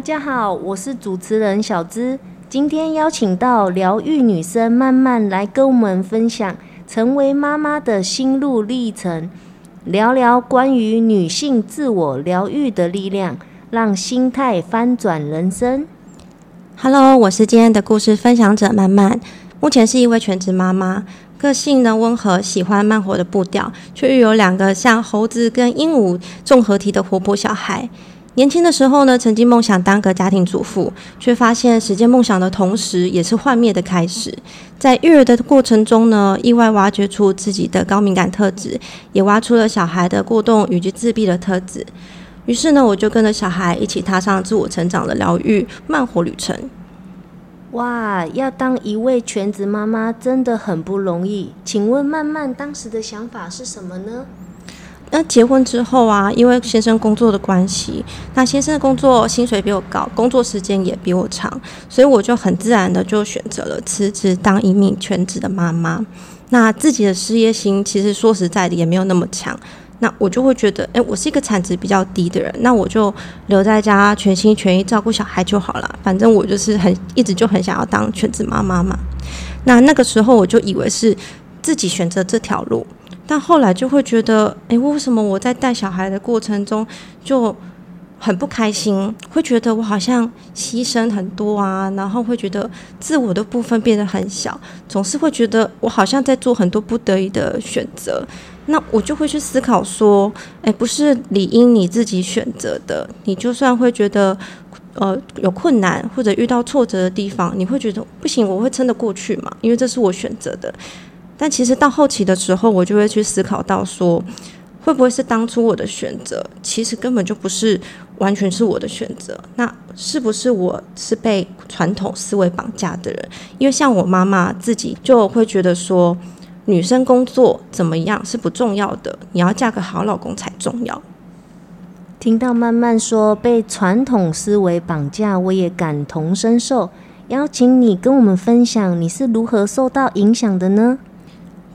大家好，我是主持人小姿，今天邀請到療癒女聲漫漫來跟我們分享成為媽媽的心路歷程，聊聊關於女性自我療癒的力量，讓心態翻轉人生。哈嘍，我是今天的故事分享者漫漫，目前是一位全職媽媽，個性呢，溫和，喜歡慢活的步調，卻又有兩個像猴子跟鸚鵡綜合體的活潑小孩。年輕的時候呢，曾經夢想當個家庭主婦，卻發現實現夢想的同時，也是幻滅的開始。在育兒的過程中呢，意外挖掘出自己的高敏感特質，也挖出了小孩的過動以及自閉的特質。於是呢，我就跟着小孩一起踏上自我成長的療癒慢活旅程。哇，要當一位全職媽媽真的很不容易。請問漫漫當時的想法是什麼呢？那結婚之後啊，因為先生工作的關係，那先生的工作薪水比我高，工作時間也比我長，所以我就很自然的就選擇了辭職當一名全職的媽媽。那自己的事業心其實說實在的也沒有那麼強，那我就會覺得，哎、欸，我是一個產值比較低的人，那我就留在家全心全意照顧小孩就好了。反正我就是很一直就很想要當全職媽媽嘛。那那個時候我就以為是自己選擇這條路。但後來就會覺得，欸，為什麼我在帶小孩的過程中就很不開心？會覺得我好像犧牲很多啊，然後會覺得自我的部分變得很小，總是會覺得我好像在做很多不得已的選擇。那我就會去思考說，欸，不是理應你自己選擇的。你就算會覺得，呃，有困難或者遇到挫折的地方，你會覺得不行，我會撐得過去嘛？因為這是我選擇的。但其實到後期的時候，我就會去思考到說，會不會是當初我的選擇，其實根本就不是完全是我的選擇？那是不是我是被傳統思維綁架的人？因為像我媽媽自己就會覺得說，女生工作怎麼樣是不重要的，你要嫁個好老公才重要。聽到漫漫說被傳統思維綁架，我也感同身受。邀請你跟我們分享你是如何受到影響的呢？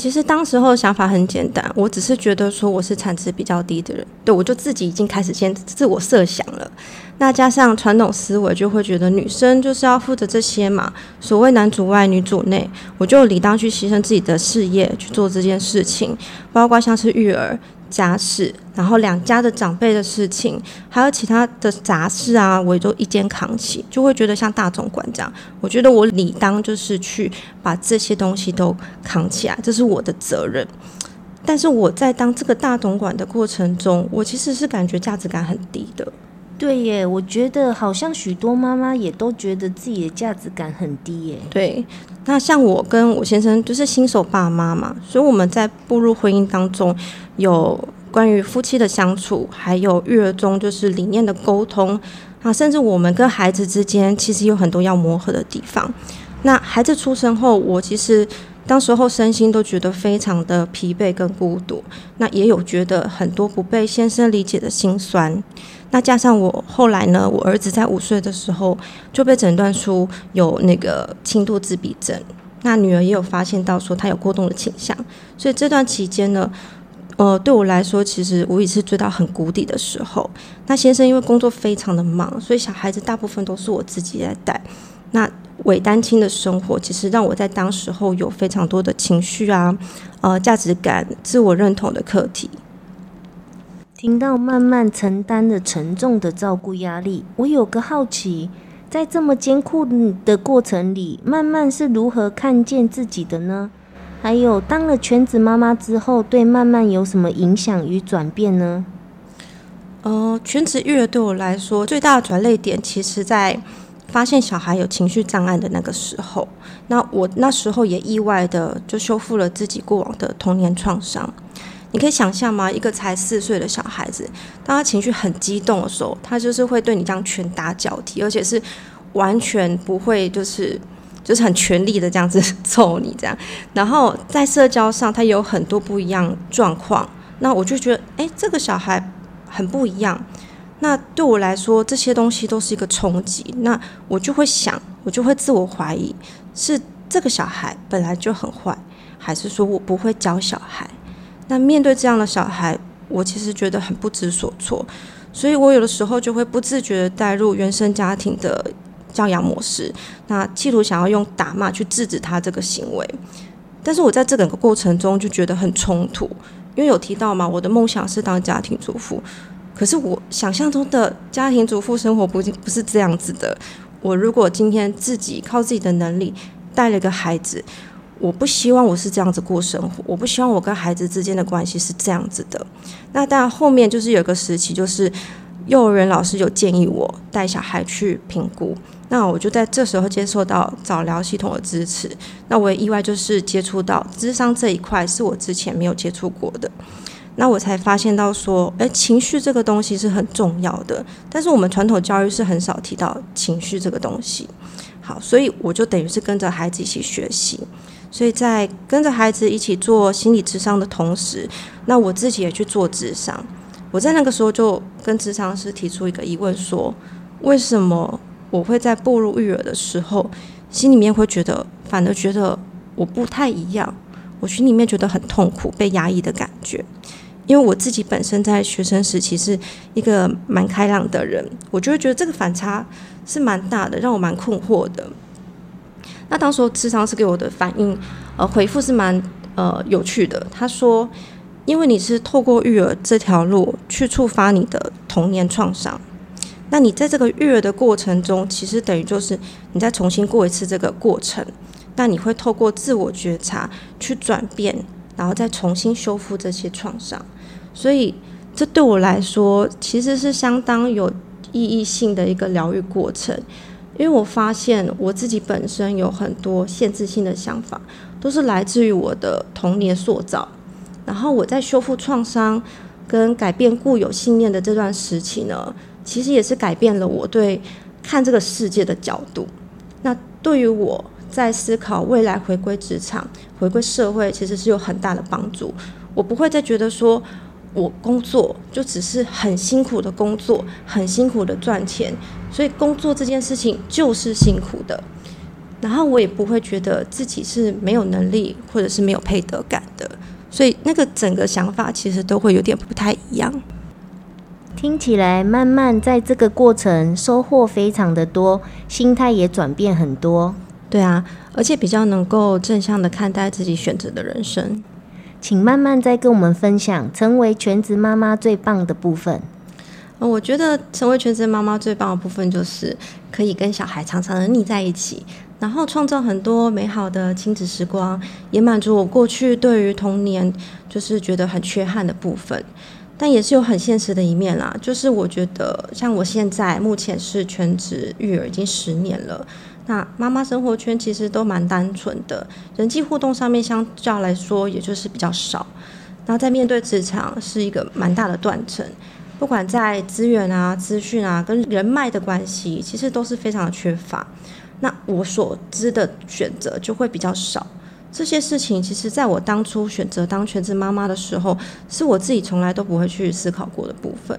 其實當時候想法很簡單，我只是覺得說我是產值比較低的人，對，我就自己已經開始先自我設想了。那加上傳統思維，就會覺得女生就是要負責這些嘛，所謂男主外女主內，我就理當去犧牲自己的事業去做這件事情，包括像是育兒。家事，然後兩家的長輩的事情，還有其他的雜事啊，我也都一肩扛起，就會覺得像大總管這樣。我覺得我理當就是去把這些東西都扛起來，這是我的責任。但是我在當這個大總管的過程中，我其實是感覺價值感很低的。對耶，我覺得好像許多媽媽也都覺得自己的價值感很低耶。對。那像我跟我先生就是新手爸媽嘛，所以我們在步入婚姻當中，有關於夫妻的相處，還有育兒中就是理念的溝通啊，甚至我們跟孩子之間其實有很多要磨合的地方。那孩子出生後，我其實當時候身心都覺得非常的疲憊跟孤獨，那也有覺得很多不被先生理解的心酸。那加上我後來呢，我兒子在五歲的時候就被診斷出有那個輕度自閉症，那女兒也有發現到說她有過動的傾向，所以這段期間呢，呃，對我來說其實無疑是追到很谷底的時候。那先生因為工作非常的忙，所以小孩子大部分都是我自己在帶。那偽單親的生活，其實讓我在當時候有非常多的情緒啊，呃，價值感、自我認同的課題。聽到漫漫承擔了沉重的照顧壓力，我有個好奇，在這麼艱苦的過程裡，漫漫是如何看見自己的呢？還有，當了全職媽媽之後，對漫漫有什麼影響與轉變呢？呃，全職育兒對我來說最大的轉捩點，其實在發現小孩有情緒障礙的那個時候。那我那時候也意外地就修復了自己過往的童年創傷。你可以想象嗎？一個才四歲的小孩子，當他情緒很激動的時候，他就是會對你這樣拳打腳踢，而且是完全不會，就是就是很全力的這樣子揍你這樣。然後在社交上，他有很多不一樣狀況。那我就覺得，欸，這個小孩很不一樣。那對我來說，這些東西都是一個衝擊。那我就會想，我就會自我懷疑：是這個小孩本來就很壞，還是說我不會教小孩？但面對這樣的小孩，我其實覺得很不知所措，所以我有的時候就會不自覺的帶入原生家庭的教養模式，那企圖想要用打罵去制止他這個行為，但是我在這整個過程中就覺得很衝突，因為有提到嘛，我的夢想是當家庭主婦，可是我想象中的家庭主婦生活不不是這樣子的，我如果今天自己靠自己的能力帶了個孩子。我不希望我是這樣子過生活，我不希望我跟孩子之間的關係是這樣子的。那但後面就是有個時期，就是幼兒園老師有建議我帶小孩去評估，那我就在這時候接受到早療系統的支持。那我也意外就是接觸到諮商這一塊，是我之前沒有接觸過的。那我才發現到說，哎、欸，情緒這個東西是很重要的，但是我們傳統教育是很少提到情緒這個東西。好，所以我就等於是跟着孩子一起學習。所以在跟着孩子一起做心理諮商的同時，那我自己也去做諮商。我在那個時候就跟諮商師提出一個疑問說，說為什麼我會在步入育兒的時候，心裡面會覺得，反而覺得我不太一樣，我心裡面覺得很痛苦、被壓抑的感覺。因為我自己本身在學生時期是一個蠻開朗的人，我就會覺得這個反差是蠻大的，讓我蠻困惑的。那當時候智商，是給我的反應，呃，回復是蠻呃有趣的。他說，因為你是透過育兒這條路去觸發你的童年創傷，那你在這個育兒的過程中，其實等於就是你再重新過一次這個過程。那你會透過自我覺察去轉變，然後再重新修復這些創傷。所以這對我來說其實是相當有意義性的一個療癒過程。因為我發現我自己本身有很多限制性的想法，都是來自於我的童年塑造。然後我在修復創傷跟改變固有信念的這段時期呢，其實也是改變了我對看這個世界的角度。那對於我在思考未來回歸職場、回歸社會，其實是有很大的幫助。我不會再覺得說。我工作就只是很辛苦的工作，很辛苦的賺錢，所以工作這件事情就是辛苦的。然後我也不會覺得自己是沒有能力或者是沒有配得感的，所以那個整個想法其實都會有點不太一樣。聽起來慢慢在這個過程收穫非常的多，心態也轉變很多。對啊，而且比較能夠正向的看待自己選擇的人生。請漫漫再跟我們分享成為全職媽媽最棒的部分。呃，我覺得成為全職媽媽最棒的部分就是可以跟小孩常常的膩在一起，然後創造很多美好的親子時光，也滿足我過去對於童年就是覺得很缺憾的部分。但也是有很現實的一面啦，就是我覺得像我現在目前是全職育兒已經十年了。那媽媽生活圈其實都蠻單純的，人際互動上面相較來說也就是比較少，然後在面對職場是一個蠻大的斷層，不管在資源啊、資訊啊、跟人脈的關係，其實都是非常的缺乏。那我所知的選擇就會比較少。這些事情，其實在我當初選擇當全職媽媽的時候，是我自己從來都不會去思考過的部分。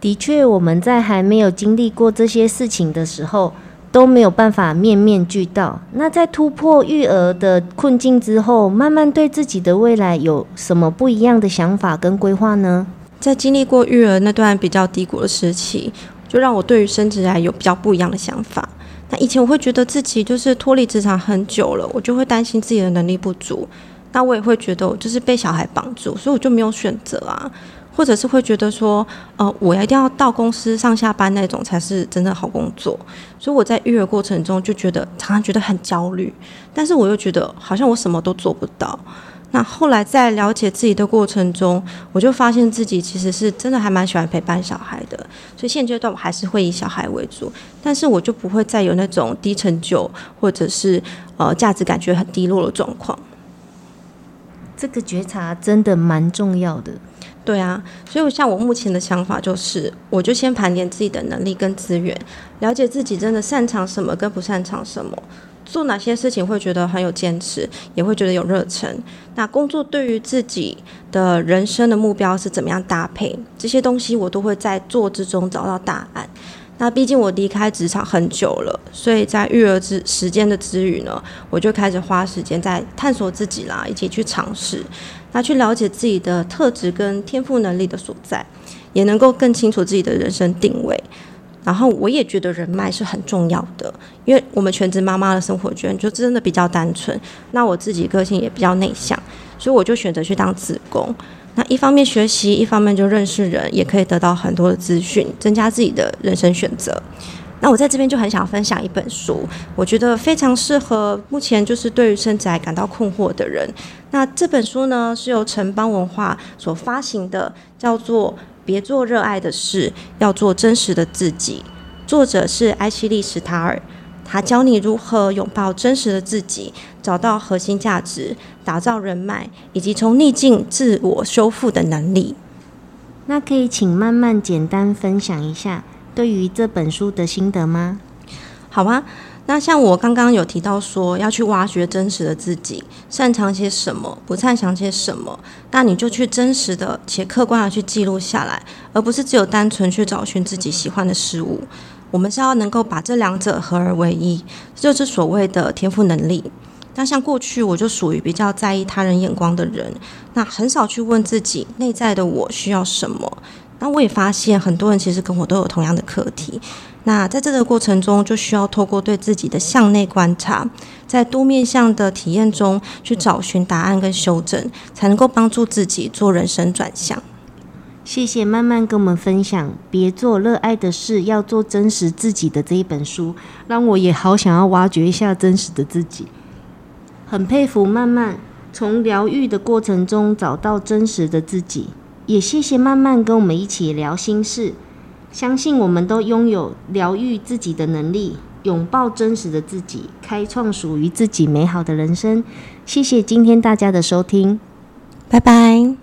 的確，我們在還沒有經歷過這些事情的時候。都沒有辦法面面俱到。那在突破育兒的困境之後，慢慢對自己的未來有什麼不一樣的想法跟規劃呢？在經歷過育兒那段比較低谷的時期，就讓我對於升職還有比較不一樣的想法。那以前我會覺得自己就是脫離職場很久了，我就會擔心自己的能力不足。那我也會覺得我就是被小孩綁住，所以我就沒有選擇啊。或者是會覺得說，呃，我一定要到公司上下班那種才是真正好工作，所以我在育兒過程中就覺得常常覺得很焦慮，但是我又覺得好像我什麼都做不到。那後來在了解自己的過程中，我就發現自己其實是真的還蠻喜歡陪伴小孩的，所以現階段我還是會以小孩為主，但是我就不會再有那種低成就或者是呃價值感覺很低落的狀況。這個覺察真的蠻重要的，對啊，所以像我目前的想法就是，我就先盤點自己的能力跟資源，了解自己真的擅長什麼跟不擅長什麼，做哪些事情會覺得很有堅持，也會覺得有熱忱。那工作對於自己的人生的目標是怎麼樣搭配，這些東西我都會在做之中找到答案。那畢竟我離開職場很久了，所以在育兒之時間的之餘呢，我就開始花時間在探索自己啦，以及去嘗試，那去了解自己的特質跟天賦能力的所在，也能夠更清楚自己的人生定位。然後我也覺得人脈是很重要的，因為我們全職媽媽的生活圈就真的比較單純，那我自己個性也比較內向，所以我就選擇去當志工。那一方面學習，一方面就認識人，也可以得到很多的資訊，增加自己的人生選擇。那我在這邊就很想分享一本書，我覺得非常適合目前就是對於身材感到困惑的人。那這本書呢是由城邦文化所發行的，叫做《別做熱愛的事，要做真實的自己》，作者是艾希莉·史塔爾，他教你如何擁抱真實的自己。找到核心價值，打造人脈，以及從逆境自我修復的能力。那可以請慢慢簡單分享一下對於這本書的心得嗎？好吧，那像我剛剛有提到說要去挖掘真實的自己，擅長些什麼，不擅長些什麼，那你就去真實的且客觀地去記錄下來，而不是只有單純去找尋自己喜歡的事物。我們是要能夠把這兩者合而為一，這就是所謂的天賦能力。但像過去，我就屬於比較在意他人眼光的人，那很少去問自己內在的我需要什麼。那我也發現很多人其實跟我都有同樣的課題。那在這個過程中，就需要透過對自己的向內觀察，在多面向的體驗中去找尋答案跟修正，才能夠幫助自己做人生轉向。謝謝漫漫跟我們分享《別做熱愛的事，要做真實自己的》這一本書，讓我也好想要挖掘一下真實的自己。很佩服漫漫從療癒的過程中找到真實的自己，也謝謝漫漫跟我們一起聊心事。相信我們都擁有療癒自己的能力，擁抱真實的自己，開創屬於自己美好的人生。謝謝今天大家的收聽，拜拜。